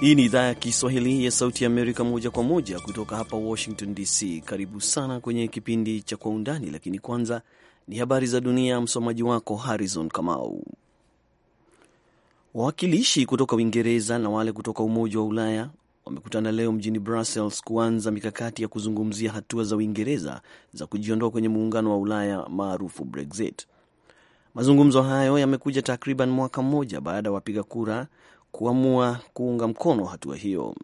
Hii ni idhaa ya Kiswahili ya Sauti ya Amerika moja kwa moja kutoka hapa Washington DC. Karibu sana kwenye kipindi cha Kwa Undani, lakini kwanza ni habari za dunia. Msomaji wako Harrison Kamau. Wawakilishi kutoka Uingereza na wale kutoka Umoja wa Ulaya wamekutana leo mjini Brussels kuanza mikakati ya kuzungumzia hatua za Uingereza za kujiondoa kwenye muungano wa Ulaya maarufu Brexit. Mazungumzo hayo yamekuja takriban mwaka mmoja baada ya wapiga kura kuamua kuunga mkono hatua hiyo.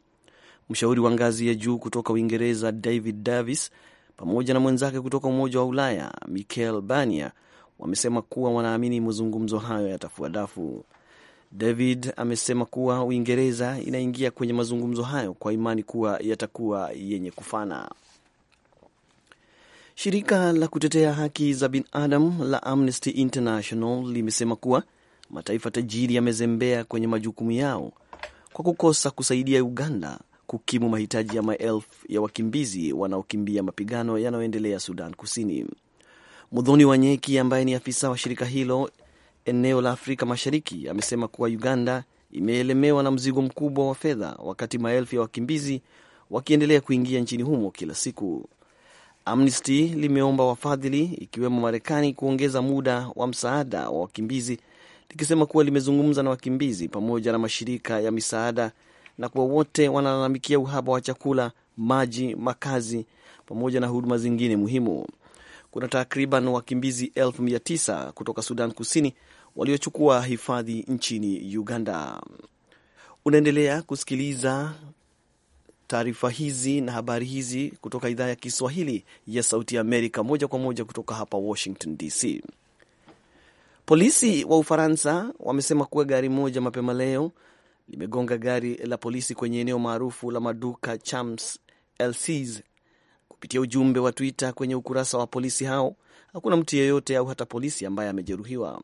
Mshauri wa ngazi ya juu kutoka Uingereza David Davis pamoja na mwenzake kutoka Umoja wa Ulaya Michael Barnier wamesema kuwa wanaamini mazungumzo hayo yatafua dafu. David amesema kuwa Uingereza inaingia kwenye mazungumzo hayo kwa imani kuwa yatakuwa yenye kufana. Shirika la kutetea haki za binadamu la Amnesty International limesema kuwa mataifa tajiri yamezembea kwenye majukumu yao kwa kukosa kusaidia Uganda kukimu mahitaji ya maelfu ya wakimbizi wanaokimbia mapigano yanayoendelea Sudan Kusini. Mudhoni Wanyeki ambaye ni afisa wa shirika hilo eneo la Afrika Mashariki amesema kuwa Uganda imeelemewa na mzigo mkubwa wa fedha, wakati maelfu ya wakimbizi wakiendelea kuingia nchini humo kila siku. Amnesty limeomba wafadhili ikiwemo Marekani kuongeza muda wa msaada wa wakimbizi likisema kuwa limezungumza na wakimbizi pamoja na mashirika ya misaada na kuwa wote wanalalamikia uhaba wa chakula, maji, makazi pamoja na huduma zingine muhimu. Kuna takriban wakimbizi elfu mia tisa kutoka Sudan Kusini waliochukua hifadhi nchini Uganda. Unaendelea kusikiliza taarifa hizi na habari hizi kutoka idhaa ya Kiswahili ya Sauti ya Amerika, moja kwa moja kutoka hapa Washington DC. Polisi wa Ufaransa wamesema kuwa gari moja mapema leo limegonga gari la polisi kwenye eneo maarufu la maduka Champs Elysees. Kupitia ujumbe wa Twitter kwenye ukurasa wa polisi hao, hakuna mtu yeyote au hata polisi ambaye amejeruhiwa.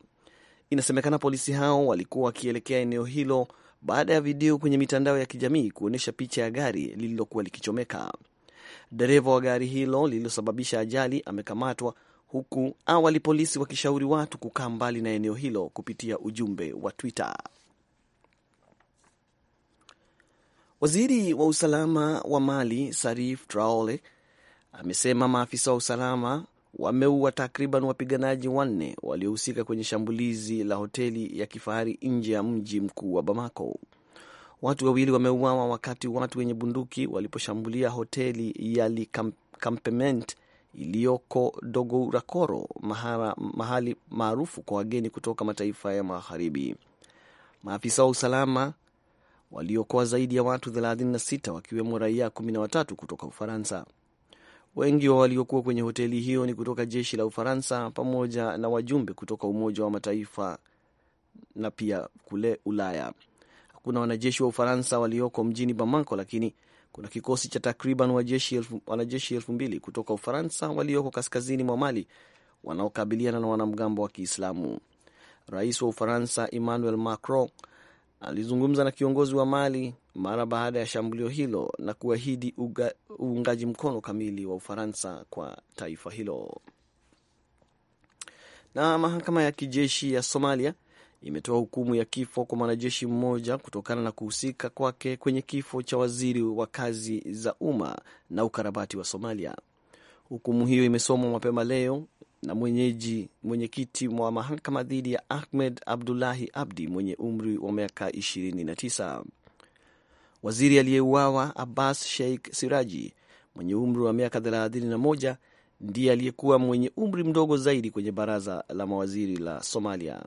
Inasemekana polisi hao walikuwa wakielekea eneo hilo baada ya video kwenye mitandao ya kijamii kuonyesha picha ya gari lililokuwa likichomeka. Dereva wa gari hilo lililosababisha ajali amekamatwa huku awali polisi wakishauri watu kukaa mbali na eneo hilo kupitia ujumbe wa Twitter. Waziri wa usalama wa Mali Sarif traole amesema maafisa wa usalama wameua takriban wapiganaji wanne waliohusika kwenye shambulizi la hoteli ya kifahari nje ya mji mkuu wa Bamako. Watu wawili wameuawa wakati watu wenye bunduki waliposhambulia hoteli ya Campement iliyoko Dogourakoro, mahali maarufu kwa wageni kutoka mataifa ya magharibi. Maafisa wa usalama waliokoa zaidi ya watu 36 wakiwemo raia 13 kutoka Ufaransa. Wengi wa waliokuwa kwenye hoteli hiyo ni kutoka jeshi la Ufaransa pamoja na wajumbe kutoka Umoja wa Mataifa na pia kule Ulaya. Hakuna wanajeshi wa Ufaransa walioko mjini Bamako, lakini kuna kikosi cha takriban wanajeshi elfu mbili kutoka Ufaransa walioko kaskazini mwa Mali wanaokabiliana na wanamgambo wa Kiislamu. Rais wa Ufaransa Emmanuel Macron alizungumza na kiongozi wa Mali mara baada ya shambulio hilo na kuahidi uungaji mkono kamili wa Ufaransa kwa taifa hilo. Na mahakama ya kijeshi ya Somalia imetoa hukumu ya kifo kwa mwanajeshi mmoja kutokana na kuhusika kwake kwenye kifo cha waziri wa kazi za umma na ukarabati wa Somalia. Hukumu hiyo imesomwa mapema leo na mwenyeji mwenyekiti wa mahakama dhidi ya Ahmed Abdullahi Abdi mwenye umri wa miaka 29. Waziri aliyeuawa Abbas Sheikh Siraji mwenye umri wa miaka 31 ndiye aliyekuwa mwenye umri mdogo zaidi kwenye baraza la mawaziri la Somalia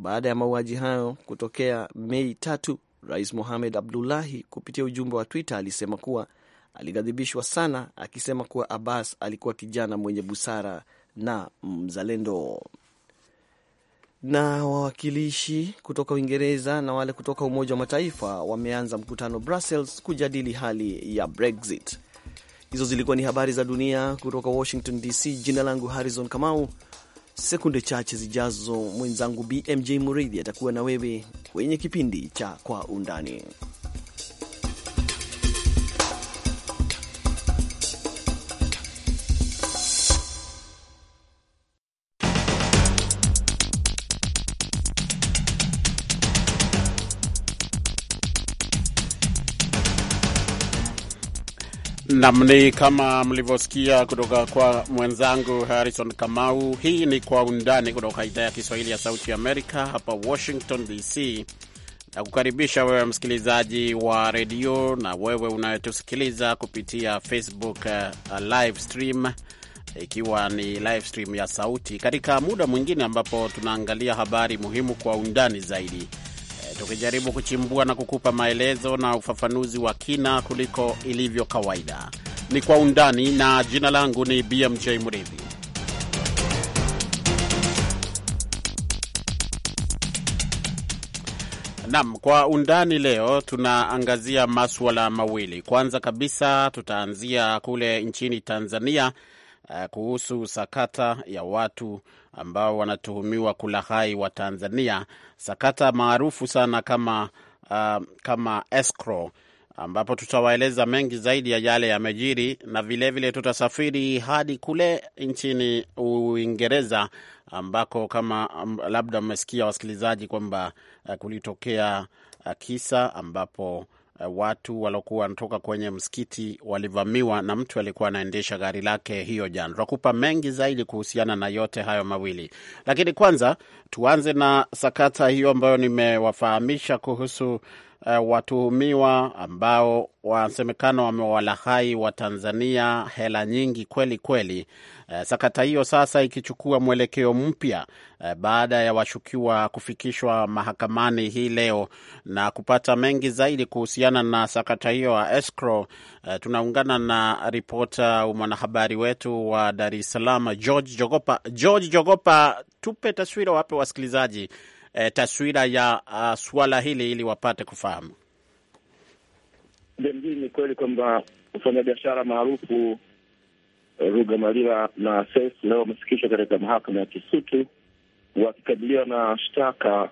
baada ya mauaji hayo kutokea Mei tatu, Rais Mohamed Abdullahi kupitia ujumbe wa Twitter alisema kuwa alighadhibishwa sana, akisema kuwa Abbas alikuwa kijana mwenye busara na mzalendo. Na wawakilishi kutoka Uingereza na wale kutoka Umoja wa Mataifa wameanza mkutano Brussels kujadili hali ya Brexit. Hizo zilikuwa ni habari za dunia kutoka Washington DC. Jina langu Harrison Kamau. Sekunde chache zijazo, mwenzangu BMJ Muridhi atakuwa na wewe kwenye kipindi cha Kwa Undani. Nam, ni kama mlivyosikia kutoka kwa mwenzangu Harrison Kamau. Hii ni Kwa Undani kutoka idhaa ya Kiswahili ya Sauti ya Amerika hapa Washington DC, na kukaribisha wewe msikilizaji wa redio na wewe unayetusikiliza kupitia Facebook uh, live stream, ikiwa ni live stream ya sauti, katika muda mwingine ambapo tunaangalia habari muhimu kwa undani zaidi tukijaribu kuchimbua na kukupa maelezo na ufafanuzi wa kina kuliko ilivyo kawaida. Ni kwa undani, na jina langu ni BMJ Mridhi. Nam, kwa undani leo tunaangazia maswala mawili. Kwanza kabisa tutaanzia kule nchini Tanzania, uh, kuhusu sakata ya watu ambao wanatuhumiwa hai wa Tanzania, sakata maarufu sana kama, uh, kama escrow, ambapo tutawaeleza mengi zaidi ya yale yamejiri, na vilevile vile tutasafiri hadi kule nchini Uingereza ambako kama um, labda mmesikia wasikilizaji, kwamba uh, kulitokea uh, kisa ambapo Eh, watu waliokuwa wanatoka kwenye msikiti walivamiwa na mtu alikuwa anaendesha gari lake hiyo jana. Tutakupa mengi zaidi kuhusiana na yote hayo mawili, lakini kwanza tuanze na sakata hiyo ambayo nimewafahamisha kuhusu uh, watuhumiwa ambao wasemekana wamewalahai wa Tanzania hela nyingi kweli kweli. Uh, sakata hiyo sasa ikichukua mwelekeo mpya uh, baada ya washukiwa kufikishwa mahakamani hii leo. Na kupata mengi zaidi kuhusiana na sakata hiyo ya escrow, uh, tunaungana na ripota mwanahabari wetu wa Dar es Salaam George Jogopa. George Jogopa, tupe taswira, wape wasikilizaji e, taswira ya a, ah, suala hili ili wapate kufahamu? Mjini ni kweli kwamba mfanyabiashara maarufu eh, Ruga Malila na Ses leo wamefikishwa katika mahakama ya Kisutu wakikabiliwa na shtaka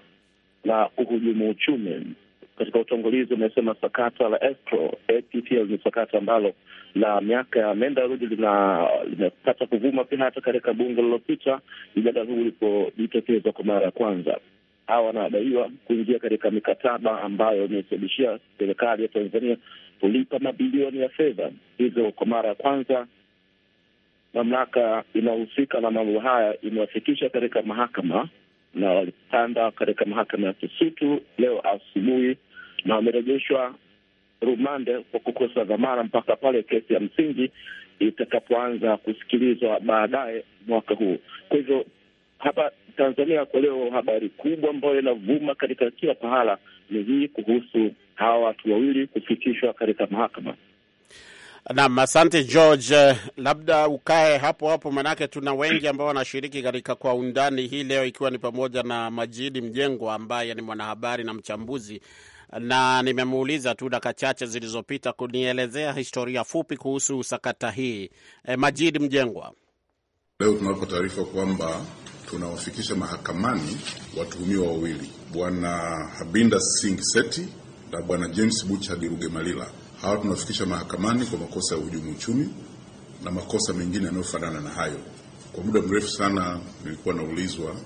la uhujumu uchumi. Katika utangulizi umesema sakata la escrow APTL ni sakata ambalo la miaka ya menda rudi limepata kuvuma pia hata katika bunge lililopita, mjadala huu ulipojitokeza kwa mara ya kwanza hawa wanadaiwa kuingia katika mikataba ambayo imesababishia serikali ya Tanzania kulipa mabilioni ya fedha hizo. Kwa mara ya kwanza, mamlaka inayohusika na mambo haya imewafikisha katika mahakama na walitanda katika mahakama ya Kisutu leo asubuhi, na wamerejeshwa rumande kwa kukosa dhamana mpaka pale kesi ya msingi itakapoanza kusikilizwa baadaye mwaka huu. Kwa hivyo hapa Tanzania kwa leo, habari kubwa ambayo inavuma katika kila pahala ni hii kuhusu hawa watu wawili kufikishwa katika mahakama. Naam, asante George. Labda ukae hapo hapo, manake tuna wengi ambao wanashiriki katika kwa undani hii leo, ikiwa ni pamoja na Majidi Mjengwa ambaye ni mwanahabari na mchambuzi, na nimemuuliza tu dakika chache zilizopita kunielezea historia fupi kuhusu sakata hii. E, Majidi Mjengwa, leo tunapo taarifa kwamba tunawafikisha mahakamani watuhumiwa wawili, Bwana Habinda Singh Seti na Bwana James Buchad malila Hawa tunawafikisha mahakamani kwa makosa ya uhujumu uchumi na makosa mengine yanayofanana na hayo. Kwa muda mrefu sana nilikuwa naulizwa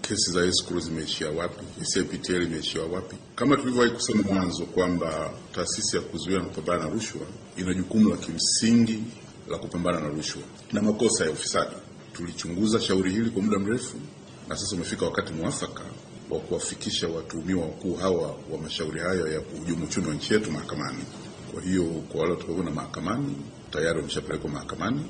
kesi za escrow zimeishia wapi, SAPTL imeishia wapi? Kama tulivyowahi kusema mwanzo kwamba taasisi ya kuzuia na kupambana na rushwa ina jukumu la kimsingi la kupambana na rushwa na makosa ya ufisadi. Tulichunguza shauri hili kwa muda mrefu na sasa umefika wakati mwafaka wa kuwafikisha watuhumiwa wakuu hawa wa mashauri hayo ya kuhujumu uchumi wa nchi yetu mahakamani. Kwa hiyo kwa wale watakaoona mahakamani tayari wameshapelekwa mahakamani.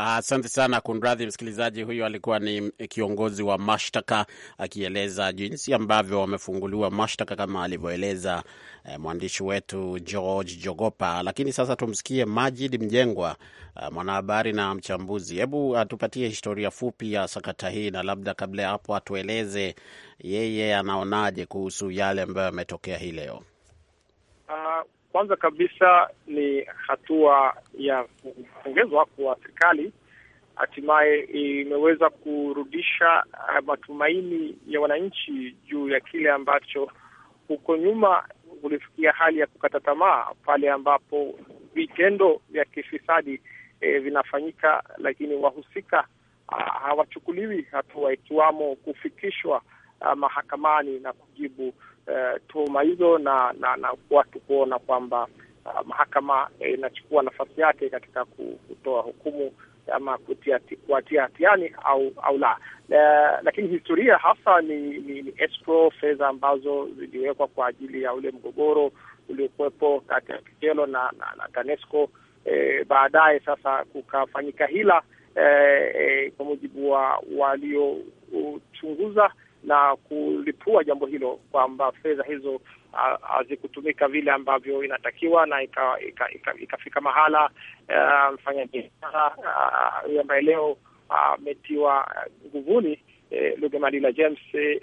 Asante uh, sana kunradhi, msikilizaji. Huyo alikuwa ni kiongozi wa mashtaka akieleza jinsi ambavyo wamefunguliwa mashtaka kama alivyoeleza eh, mwandishi wetu George Jogopa. Lakini sasa tumsikie Majid Mjengwa, uh, mwanahabari na mchambuzi. Hebu atupatie historia fupi ya sakata hii, na labda kabla ya hapo atueleze yeye anaonaje kuhusu yale ambayo yametokea hii leo. Uh, kwanza kabisa ni hatua ya kupongezwa kwa serikali, hatimaye imeweza kurudisha eh, matumaini ya wananchi juu ya kile ambacho huko nyuma kulifikia hali ya kukata tamaa pale ambapo vitendo vya kifisadi e, vinafanyika, lakini wahusika ah, hawachukuliwi hatua, ikiwamo kufikishwa ah, mahakamani na kujibu eh, tuhuma hizo na na, na watu kuona kwamba uh, mahakama eh, inachukua eh, nafasi yake katika kutoa hukumu ama kuatia hatiani au au la. E, lakini historia hasa ni, ni, ni escrow, fedha ambazo ziliwekwa kwa ajili ya ule mgogoro uliokuwepo kati ya Kikelo na, na, na TANESCO. E, baadaye sasa kukafanyika hila e, e, kwa mujibu wa waliochunguza na kulipua jambo hilo kwamba fedha hizo hazikutumika vile ambavyo inatakiwa, na ikafika ika, ika, ika mahala mfanya biashara huyo ambaye leo ametiwa nguvuni e, Lugemalila James e,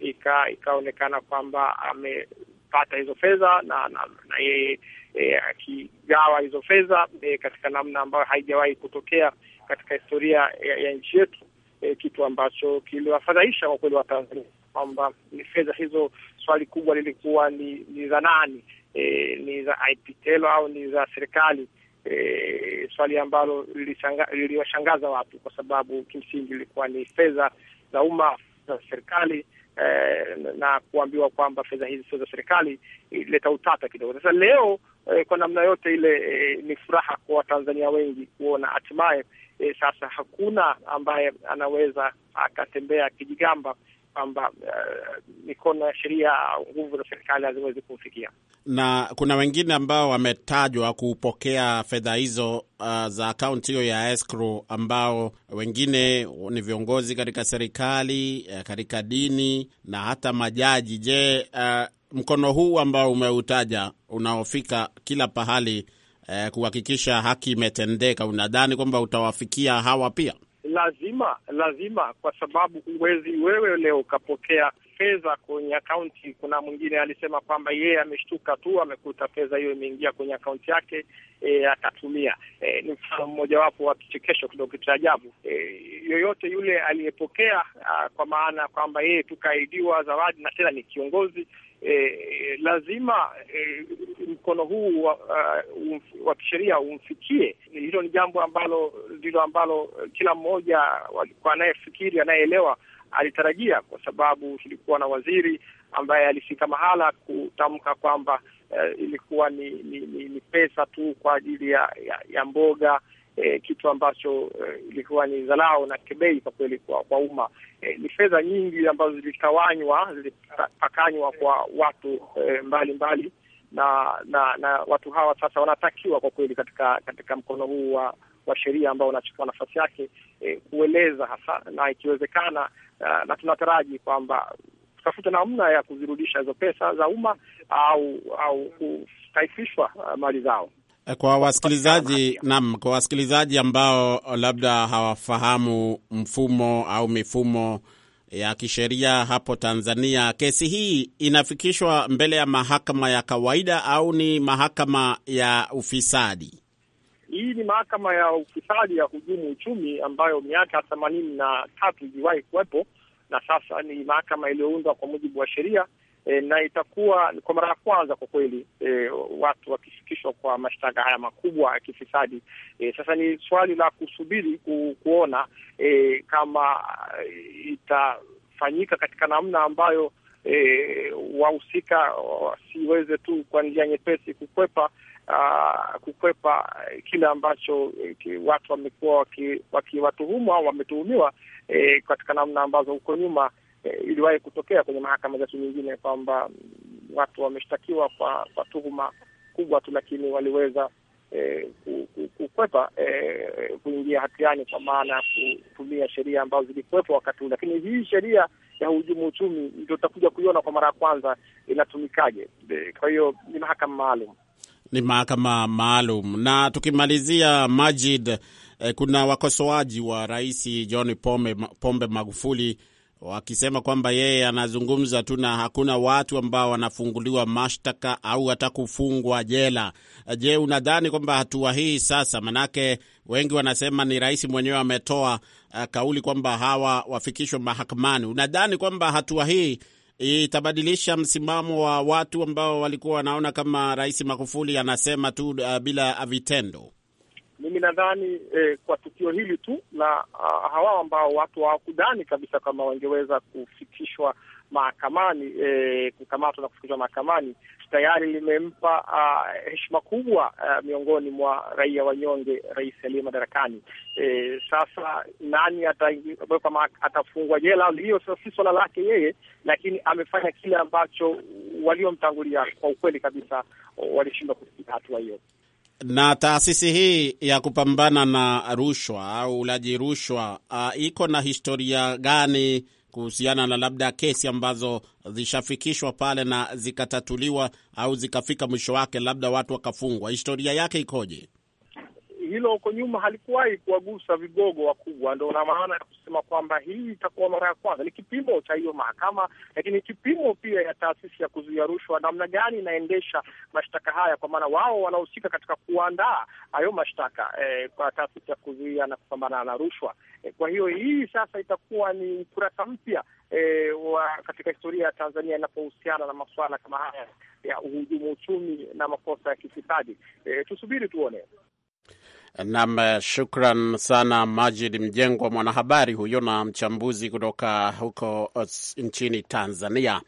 e ikaonekana ika, kwamba amepata hizo fedha na na yeye e, akigawa hizo fedha e, katika namna ambayo haijawahi kutokea katika historia ya, ya nchi yetu e, kitu ambacho kiliwafadhaisha kwa kweli Watanzania kwamba ni fedha hizo, swali kubwa lilikuwa ni ni za nani, e, ni za IPTELO au ni za serikali? E, swali ambalo liliwashangaza watu kwa sababu kimsingi ilikuwa ni fedha za umma za serikali e, na kuambiwa kwamba fedha hizi sio za serikali ilileta utata kidogo. Sasa leo e, kwa namna yote ile e, ni furaha kwa Watanzania wengi kuona hatimaye e, sasa hakuna ambaye anaweza akatembea kijigamba kwamba uh, mikono ya sheria au nguvu za serikali haziwezi kumfikia. Na kuna wengine ambao wametajwa kupokea fedha hizo uh, za akaunti hiyo ya escrow, ambao wengine ni viongozi katika serikali, e, katika dini na hata majaji. Je, uh, mkono huu ambao umeutaja unaofika kila pahali eh, kuhakikisha haki imetendeka, unadhani kwamba utawafikia hawa pia? Lazima, lazima, kwa sababu huwezi wewe leo ukapokea fedha kwenye akaunti. Kuna mwingine alisema kwamba yeye ameshtuka tu, amekuta fedha hiyo imeingia kwenye akaunti yake e, akatumia. E, ni mfano mmojawapo wa kichekesho kidogo cha ajabu. E, yoyote yule aliyepokea, ah, kwa maana kwamba yeye tukaahidiwa zawadi na tena ni kiongozi Eh, eh, lazima eh, mkono huu wa, uh, wa kisheria umfikie. Hilo ni jambo ambalo ndilo ambalo eh, kila mmoja anayefikiri, anayeelewa alitarajia, kwa sababu tulikuwa na waziri ambaye alifika mahala kutamka kwamba uh, ilikuwa ni, ni, ni, ni pesa tu kwa ajili ya, ya, ya mboga e, kitu ambacho e, ilikuwa e, ni dharau na kebei kwa kweli kwa umma. E, ni fedha nyingi ambazo zilikawanywa zilipakanywa kwa watu e, mbalimbali na, na na watu hawa sasa wanatakiwa kwa kweli katika katika mkono huu wa wa sheria ambao unachukua nafasi yake e, kueleza hasa na ikiwezekana, na, e, na tunataraji kwamba tutafuta namna ya kuzirudisha hizo pesa za umma au au kutaifishwa e, mali zao. Kwa wasikilizaji nam kwa wasikilizaji ambao labda hawafahamu mfumo au mifumo ya kisheria hapo Tanzania, kesi hii inafikishwa mbele ya mahakama ya kawaida au ni mahakama ya ufisadi? Hii ni mahakama ya ufisadi ya hujumu uchumi ambayo miaka themanini na tatu iliwahi kuwepo na sasa ni mahakama iliyoundwa kwa mujibu wa sheria e, na itakuwa kwa mara ya kwanza kwa kweli e, watu wakifikishwa kwa mashtaka haya makubwa ya kifisadi. E, sasa ni swali la kusubiri ku, kuona e, kama itafanyika katika namna ambayo E, wahusika wasiweze oh, tu kwa njia nyepesi kukwepa Uh, kukwepa kile ambacho ki, watu wamekuwa wakiwatuhumu waki, au wametuhumiwa e, katika namna ambazo huko nyuma Eh, iliwahi kutokea kwenye mahakama zetu nyingine kwamba mm, watu wameshtakiwa kwa kwa tuhuma kubwa tu, lakini waliweza eh, kukwepa eh, kuingia hatiani kwa maana ya kutumia sheria ambazo zilikuwepo wakati huu. Lakini hii sheria ya uhujumu uchumi ndio tutakuja kuiona kwa mara ya kwanza inatumikaje. Eh, kwa hiyo ni mahakama maalum ni mahakama maalum. Na tukimalizia, Majid, eh, kuna wakosoaji wa Rais John Pombe, Pombe Magufuli wakisema kwamba yeye anazungumza tu na hakuna watu ambao wanafunguliwa mashtaka au hata kufungwa jela. Je, unadhani kwamba hatua hii sasa, manake wengi wanasema ni rais mwenyewe ametoa eh, kauli kwamba hawa wafikishwe mahakamani, unadhani kwamba hatua hii itabadilisha msimamo wa watu ambao walikuwa wanaona kama Rais Magufuli anasema tu uh, bila vitendo? mimi nadhani eh, kwa tukio hili tu la uh, ah, hawa ambao watu hawakudhani kabisa kama wangeweza kufikishwa mahakamani eh, kukamatwa na kufikishwa mahakamani tayari limempa ah, heshima kubwa uh, miongoni mwa raia wanyonge rais aliye madarakani. Eh, sasa nani atawekwa atafungwa jela, hiyo si swala lake yeye, lakini amefanya kile ambacho waliomtangulia kwa ukweli kabisa walishindwa kufikia hatua hiyo. Na taasisi hii ya kupambana na rushwa au ulaji rushwa uh, iko na historia gani kuhusiana na labda kesi ambazo zishafikishwa pale na zikatatuliwa au zikafika mwisho wake, labda watu wakafungwa, historia yake ikoje? hilo huko nyuma halikuwahi kuwagusa vigogo wakubwa. Ndo na maana ya kusema kwamba hii itakuwa mara ya kwanza, ni kipimo cha hiyo mahakama, lakini kipimo pia ya taasisi ya kuzuia rushwa, namna gani inaendesha mashtaka haya, kwa maana wao wanahusika katika kuandaa hayo mashtaka eh, kwa taasisi ya kuzuia na kupambana na rushwa eh. Kwa hiyo hii sasa itakuwa ni ukurasa mpya E, wa katika historia ya Tanzania inapohusiana na masuala kama haya ya uhujumu uchumi na makosa ya kifisadi. E, tusubiri tuone. Nam, eh, shukran sana Majid Mjengwa, mwanahabari huyo na mchambuzi kutoka huko eh, nchini Tanzania.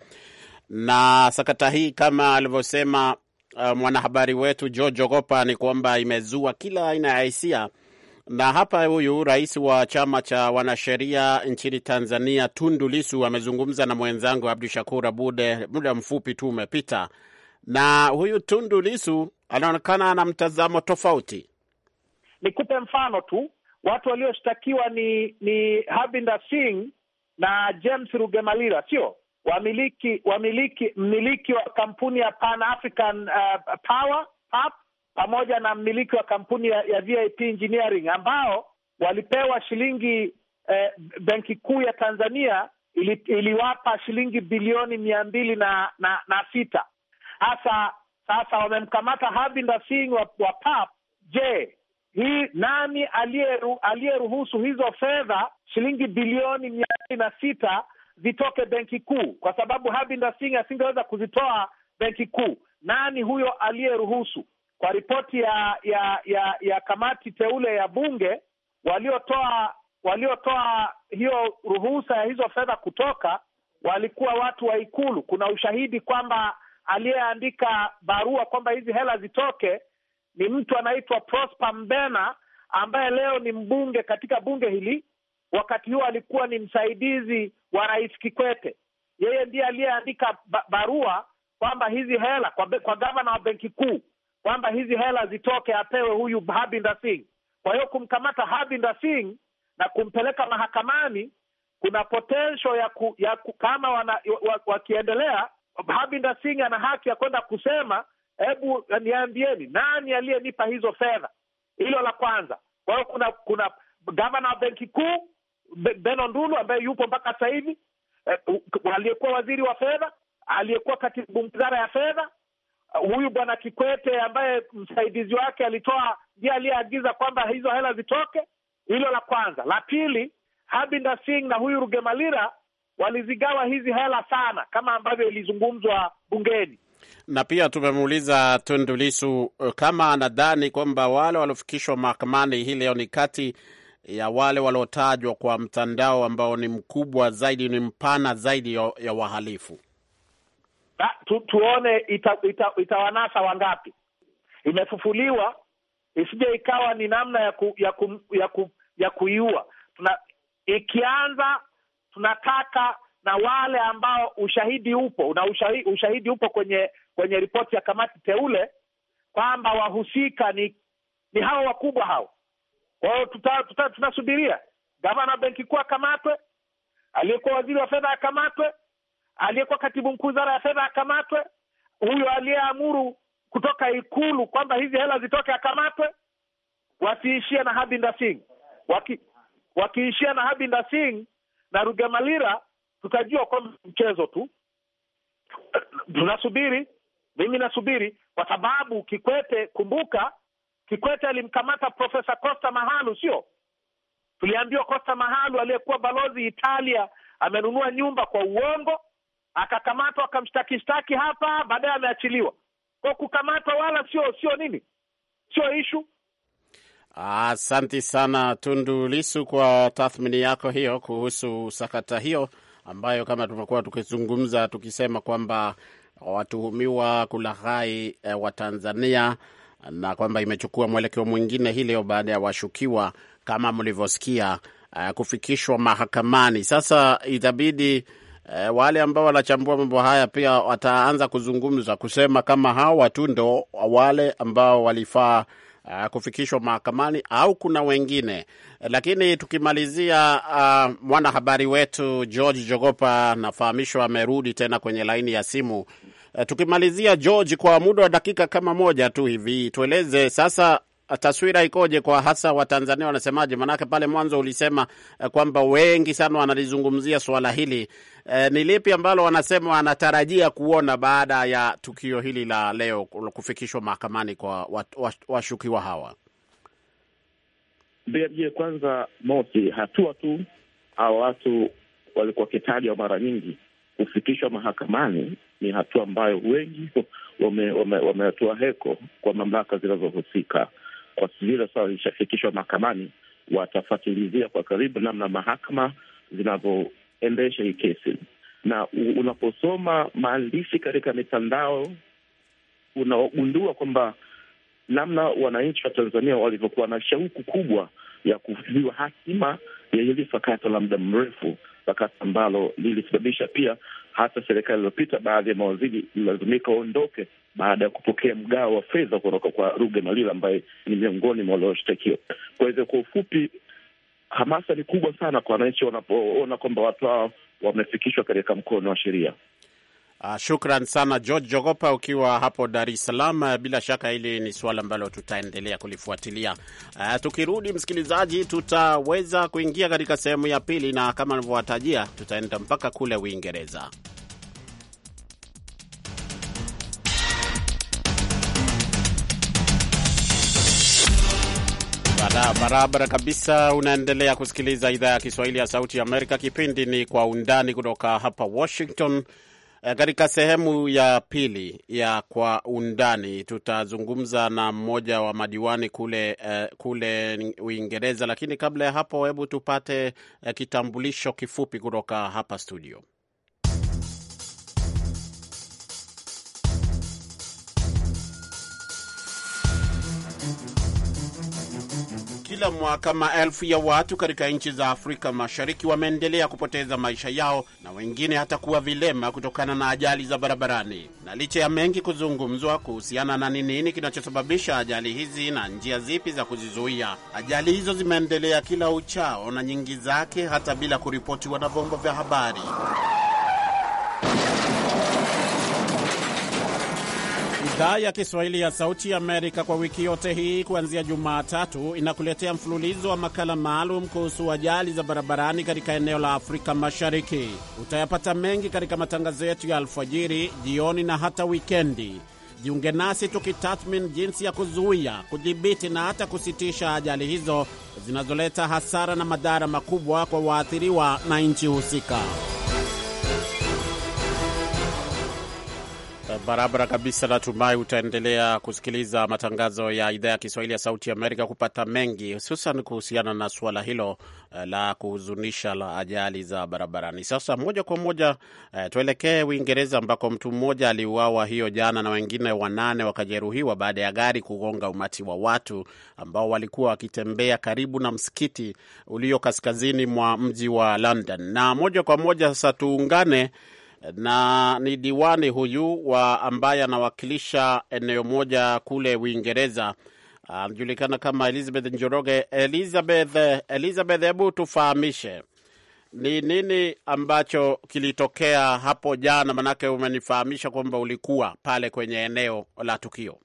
Na sakata hii kama alivyosema uh, mwanahabari wetu George Ogopa ni kwamba imezua kila aina ya hisia, na hapa huyu rais wa chama cha wanasheria nchini Tanzania Tundu Lisu amezungumza na mwenzangu Abdu Shakur Abude muda mfupi tu umepita, na huyu Tundu Lisu anaonekana ana mtazamo tofauti nikupe mfano tu, watu walioshtakiwa ni ni Harbinder Singh na James Rugemalira, sio wamiliki wamiliki mmiliki wa kampuni ya Pan African uh, Power PAP pamoja na mmiliki wa kampuni ya, ya VIP Engineering ambao walipewa shilingi eh, Benki Kuu ya Tanzania ili, iliwapa shilingi bilioni mia mbili na, na, na sita hasa sasa wamemkamata Harbinder Singh wa, wa PAP. Je, hii nani aliyeruhusu hizo fedha shilingi bilioni mia mbili na sita zitoke benki kuu? Kwa sababu Harbinder Singh asingeweza kuzitoa benki kuu. Nani huyo aliyeruhusu? Kwa ripoti ya ya ya ya kamati teule ya bunge, waliotoa waliotoa hiyo ruhusa ya hizo fedha kutoka walikuwa watu wa Ikulu. Kuna ushahidi kwamba aliyeandika barua kwamba hizi hela zitoke ni mtu anaitwa Prosper Mbena ambaye leo ni mbunge katika bunge hili. Wakati huo alikuwa ni msaidizi wa Rais Kikwete. Yeye ndiye aliyeandika ba barua kwamba hizi hela kwa, kwa gavana wa benki kuu kwamba hizi hela zitoke apewe huyu Harbinder Singh. Kwa hiyo kumkamata Harbinder Singh na kumpeleka mahakamani kuna potential ya, ku, ya ku, kama wakiendelea Harbinder Singh ana haki ya kwenda kusema hebu eh, niambieni nani aliyenipa hizo fedha? Hilo la kwanza. Kwa hiyo kuna kuna gavana wa benki kuu Beno Ndulu ambaye yupo mpaka sasa hivi, eh, aliyekuwa waziri wa fedha, aliyekuwa katibu wizara ya fedha, eh, huyu bwana Kikwete ambaye msaidizi wake alitoa, ndiye aliyeagiza kwamba hizo hela zitoke. Hilo la kwanza. La pili, Habinda Singh na huyu Rugemalira walizigawa hizi hela sana, kama ambavyo ilizungumzwa bungeni. Na pia tumemuuliza Tundu Lissu eh, kama anadhani kwamba wale waliofikishwa mahakamani hii leo ni kati ya wale waliotajwa kwa mtandao ambao ni mkubwa zaidi, ni mpana zaidi ya, wahalifu. Na, ah, tu, tuone itawanasa ita, ita wangapi imefufuliwa, isije ikawa ni namna ya ku, ya ku, ya ku, ya kuiua. Tuna, ikianza tunataka na wale ambao ushahidi upo na ushahidi, ushahidi upo kwenye kwenye ripoti ya kamati teule kwamba wahusika ni ni hao wakubwa hao. Kwa hiyo tunasubiria gavana wa benki kuu akamatwe, aliyekuwa waziri wa fedha akamatwe, aliyekuwa katibu mkuu wizara ya fedha akamatwe, huyo aliyeamuru kutoka Ikulu kwamba hizi hela zitoke akamatwe, wasiishie na Harbinder Singh. Waki, wakiishia na Harbinder Singh na Rugemalira tutajua kwamba mchezo tu. Tunasubiri, mimi nasubiri, kwa sababu Kikwete, kumbuka Kikwete alimkamata Profesa Costa Mahalu, sio? Tuliambiwa Costa Mahalu aliyekuwa balozi Italia amenunua nyumba kwa uongo, akakamatwa shtaki hapa, baadaye ameachiliwa. Kwa kukamatwa wala sio sio nini, sio ishu. Asante sana Tundu Lisu kwa tathmini yako hiyo kuhusu sakata hiyo ambayo kama tumekuwa tukizungumza tukisema kwamba watuhumiwa kulaghai e, wa Tanzania na kwamba imechukua mwelekeo mwingine hii leo baada ya washukiwa kama mlivyosikia e, kufikishwa mahakamani. Sasa itabidi e, wale ambao wanachambua mambo haya pia wataanza kuzungumza kusema kama hawa tu ndo wale ambao walifaa uh, kufikishwa mahakamani au kuna wengine. Lakini tukimalizia, uh, mwanahabari wetu George Jogopa nafahamishwa amerudi tena kwenye laini ya simu. Uh, tukimalizia George, kwa muda wa dakika kama moja tu hivi, tueleze sasa Eh, taswira ikoje kwa hasa Watanzania wanasemaje? Maanake pale mwanzo ulisema eh, kwamba wengi sana wanalizungumzia swala hili e, ni lipi ambalo wanasema wanatarajia kuona baada ya tukio hili la leo kufikishwa mahakamani kwa washukiwa hawa? Je, kwanza mosi, hatua tu au watu walikuwa wakitajwa mara nyingi kufikishwa mahakamani ni hatua ambayo wengi wametoa wame, wame heko kwa mamlaka zinazohusika kwa vile sasa lishafikishwa mahakamani, watafatilizia kwa karibu namna mahakama zinavyoendesha hii kesi, na unaposoma maandishi katika mitandao unaogundua kwamba namna wananchi wa Tanzania walivyokuwa na shauku kubwa ya kujua hatima ya hili sakata la muda mrefu, sakata ambalo lilisababisha pia hata serikali iliyopita, baadhi ya mawaziri ililazimika waondoke baada ya kupokea mgao wa fedha kutoka kwa Ruge Malila ambaye ni miongoni mwa walioshtakiwa. Kwa hivyo, kwa ufupi, hamasa ni kubwa sana kwa wananchi wanapoona kwamba watu hao wamefikishwa katika mkono wa sheria. Uh, shukran sana George Jogopa ukiwa hapo Dar es Salaam. Ah, bila shaka hili ni suala ambalo tutaendelea kulifuatilia. Uh, tukirudi msikilizaji, tutaweza kuingia katika sehemu ya pili, na kama nilivyowatajia, tutaenda mpaka kule Uingereza. Barabara kabisa, unaendelea kusikiliza idhaa ya Kiswahili ya Sauti ya Amerika. Kipindi ni Kwa Undani kutoka hapa Washington. Eh, katika sehemu ya pili ya kwa undani tutazungumza na mmoja wa madiwani kule uh, kule Uingereza, lakini kabla ya hapo, hebu tupate uh, kitambulisho kifupi kutoka hapa studio. Kila mwaka maelfu ya watu katika nchi za Afrika Mashariki wameendelea kupoteza maisha yao na wengine hata kuwa vilema kutokana na ajali za barabarani. Na licha ya mengi kuzungumzwa kuhusiana na ni nini kinachosababisha ajali hizi na njia zipi za kuzizuia, ajali hizo zimeendelea kila uchao na nyingi zake hata bila kuripotiwa na vyombo vya habari. Idhaa ya Kiswahili ya Sauti ya Amerika kwa wiki yote hii kuanzia Jumatatu inakuletea mfululizo wa makala maalum kuhusu ajali za barabarani katika eneo la Afrika Mashariki. Utayapata mengi katika matangazo yetu ya alfajiri, jioni na hata wikendi. Jiunge nasi tukitathmini jinsi ya kuzuia, kudhibiti na hata kusitisha ajali hizo zinazoleta hasara na madhara makubwa kwa waathiriwa na nchi husika. Barabara kabisa. Natumai utaendelea kusikiliza matangazo ya idhaa ya Kiswahili ya Sauti Amerika kupata mengi, hususan kuhusiana na suala hilo eh, la kuhuzunisha la ajali za barabarani. Sasa moja kwa moja eh, tuelekee Uingereza ambako mtu mmoja aliuawa hiyo jana na wengine wanane wakajeruhiwa baada ya gari kugonga umati wa watu ambao walikuwa wakitembea karibu na msikiti ulio kaskazini mwa mji wa London. Na moja kwa moja sasa tuungane na ni diwani huyu wa ambaye anawakilisha eneo moja kule Uingereza anajulikana kama Elizabeth Njoroge. Elizabeth, Elizabeth, hebu tufahamishe ni nini ambacho kilitokea hapo jana? Manake umenifahamisha kwamba ulikuwa pale kwenye eneo la tukio.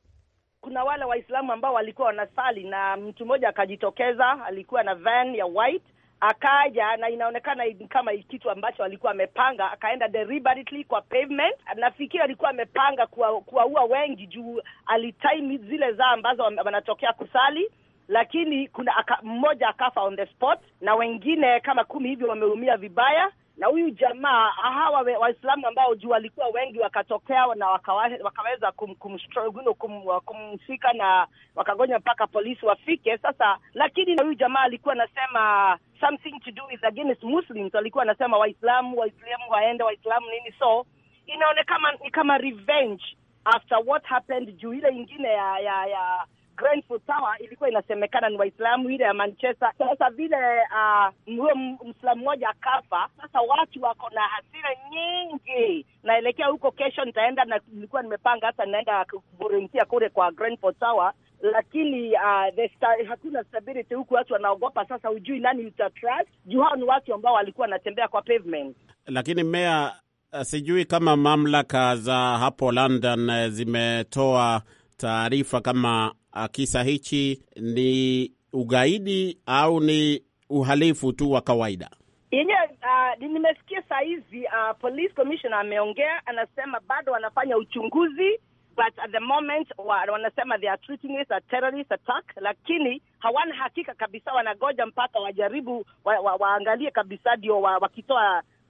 Kuna wale Waislamu ambao walikuwa wanasali na mtu mmoja akajitokeza, alikuwa na van ya white akaja na inaonekana ni kama kitu ambacho alikuwa amepanga, akaenda deliberately kwa pavement. Nafikiri alikuwa amepanga kuwaua wengi juu alitime zile zaa ambazo wanatokea kusali, lakini kuna aka, mmoja akafa on the spot na wengine kama kumi hivyo wameumia vibaya, na huyu jamaa hawa Waislamu ambao juu walikuwa wengi wakatokea na wakaweza kum, kumshika kum, kum na wakagonya mpaka polisi wafike. Sasa lakini na huyu jamaa alikuwa anasema something to do with against Muslims, alikuwa anasema Waislamu Waislamu waende Waislamu nini, so inaonekana ni kama revenge after what happened juu ile ingine ya ya ya Grenfell Tower ilikuwa inasemekana ni Waislamu ile ya Manchester. Sasa vile uh, ah, mslamu mmoja akafa, sasa watu wako na hasira nyingi. Naelekea huko kesho, nitaenda na nilikuwa nimepanga hata naenda kuvolunteer kule kwa Grenfell Tower lakini uh, the star, hakuna stability huku, watu wanaogopa sasa, hujui nani mtatrust juu hao ni watu ambao walikuwa wanatembea kwa pavement. Lakini meya, ah, sijui kama mamlaka za hapo London eh, zimetoa taarifa kama Ah, kisa hichi ni ugaidi au ni uhalifu tu wa kawaida? Yenyewe uh, nimesikia saa hizi uh, police commissioner ameongea, anasema bado wanafanya uchunguzi but at the moment wa, wanasema they are treating it as terrorist attack, lakini hawana hakika kabisa, wanagoja mpaka wajaribu wa, wa, waangalie kabisa, ndio wakitoa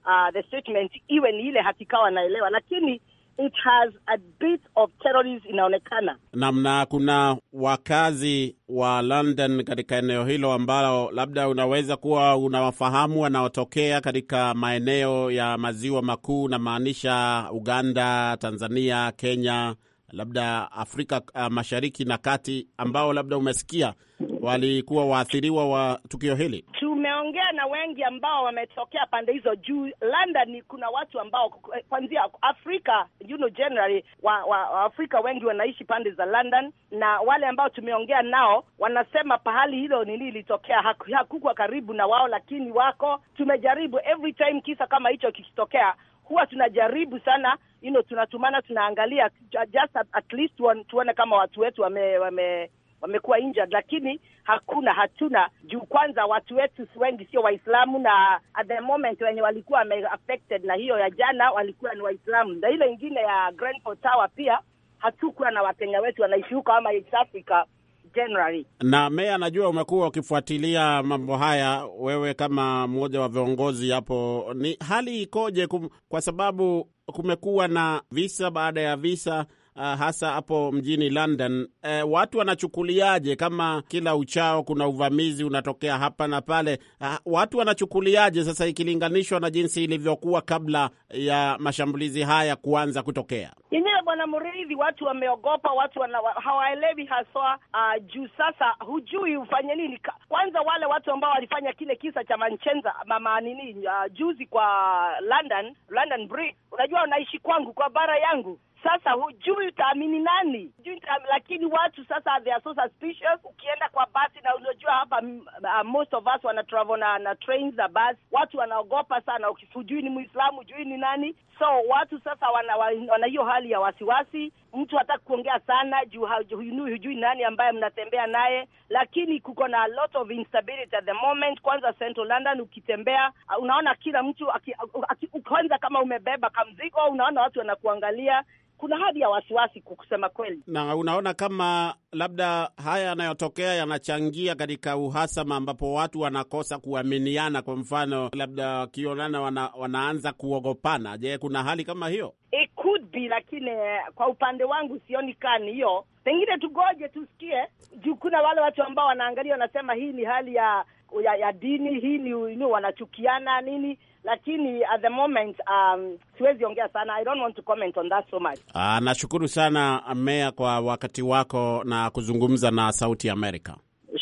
wa uh, the statement iwe ni ile hakika wanaelewa, lakini it has a bit of terrorism inaonekana. kuna wakazi wa London katika eneo hilo ambalo labda unaweza kuwa unawafahamu wanaotokea katika maeneo ya maziwa makuu, namaanisha Uganda, Tanzania, Kenya, labda Afrika uh, Mashariki na Kati, ambao labda umesikia walikuwa waathiriwa wa tukio hili? Tumeongea na wengi ambao wametokea pande hizo juu London. Kuna watu ambao kwanzia Afrika, you know, generally wa, wa Afrika wengi wanaishi pande za London, na wale ambao tumeongea nao wanasema pahali hilo nili ilitokea hakukwa karibu na wao, lakini wako tumejaribu every time kisa kama hicho kikitokea huwa tunajaribu sana you know, tunatumana tunaangalia just at least tuone kama watu wetu wame, wame wamekuwa injured, lakini hakuna hatuna juu. Kwanza watu wetu wengi sio Waislamu, na at the moment wenye walikuwa wame na hiyo ya jana walikuwa ni Waislamu, na ile ingine ya Grenfell Tower pia hatukuwa na Wakenya wetu wanaishuka ama East Africa Na Meya, najua umekuwa ukifuatilia mambo haya wewe kama mmoja wa viongozi hapo, ni hali ikoje? Kum, kwa sababu kumekuwa na visa baada ya visa Ah, hasa hapo mjini London. uh, watu wanachukuliaje kama kila uchao kuna uvamizi unatokea hapa na pale? Uh, watu wanachukuliaje sasa ikilinganishwa na jinsi ilivyokuwa kabla ya mashambulizi haya kuanza kutokea? Yenyewe Bwana Mridhi, watu wameogopa, watu hawaelewi haswa. Uh, juu sasa hujui ufanye nini. Kwanza wale watu ambao walifanya kile kisa cha Manchenza mama nini, uh, juzi kwa London, London Bridge, unajua unaishi kwangu kwa bara yangu sasa hujui utaamini nani, hujui, lakini watu sasa they are so suspicious. Ukienda kwa basi na unajua hapa uh, most of us wana travel na, na trains za basi, watu wanaogopa sana, hujui ni Muislamu, hujui ni nani, so watu sasa wana, wana hiyo hali ya wasiwasi. Mtu hataki kuongea sana juu hujui nani ambaye mnatembea naye, lakini kuko na a lot of instability at the moment. Kwanza Central London ukitembea, uh, unaona kila mtu kwanza, kama umebeba kamzigo, unaona watu wanakuangalia kuna hali ya wasiwasi kusema kweli. Na unaona kama labda haya yanayotokea yanachangia katika uhasama ambapo watu wanakosa kuaminiana, kwa mfano labda wakionana wana, wanaanza kuogopana. Je, kuna hali kama hiyo? It could be, lakini eh, kwa upande wangu sioni kani hiyo, pengine tugoje tusikie juu. Kuna wale watu ambao wanaangalia wanasema hii ni hali ya ya, ya dini hii ni, ni wanachukiana nini lakini at the moment um, siwezi ongea sana. I don't want to comment on that so much. Ah, nashukuru sana Meya kwa wakati wako na kuzungumza na Sauti ya Amerika.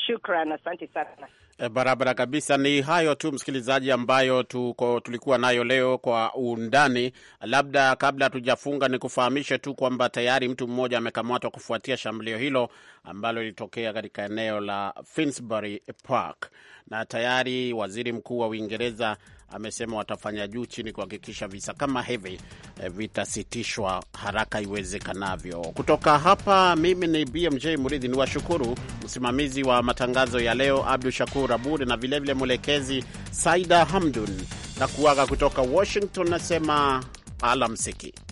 Shukran, asante sana. E, barabara kabisa. Ni hayo tu msikilizaji, ambayo tuko, tulikuwa nayo leo kwa undani. Labda kabla hatujafunga, ni kufahamishe tu kwamba tayari mtu mmoja amekamatwa kufuatia shambulio hilo ambalo lilitokea katika eneo la Finsbury Park, na tayari waziri mkuu wa Uingereza amesema watafanya juu chini kuhakikisha visa kama hivi eh, vitasitishwa haraka iwezekanavyo. Kutoka hapa, mimi ni BMJ Muridhi, ni washukuru msimamizi wa matangazo ya leo Abdu Shakur Abud na vilevile mwelekezi Saida Hamdun na kuaga kutoka Washington, nasema alamsiki.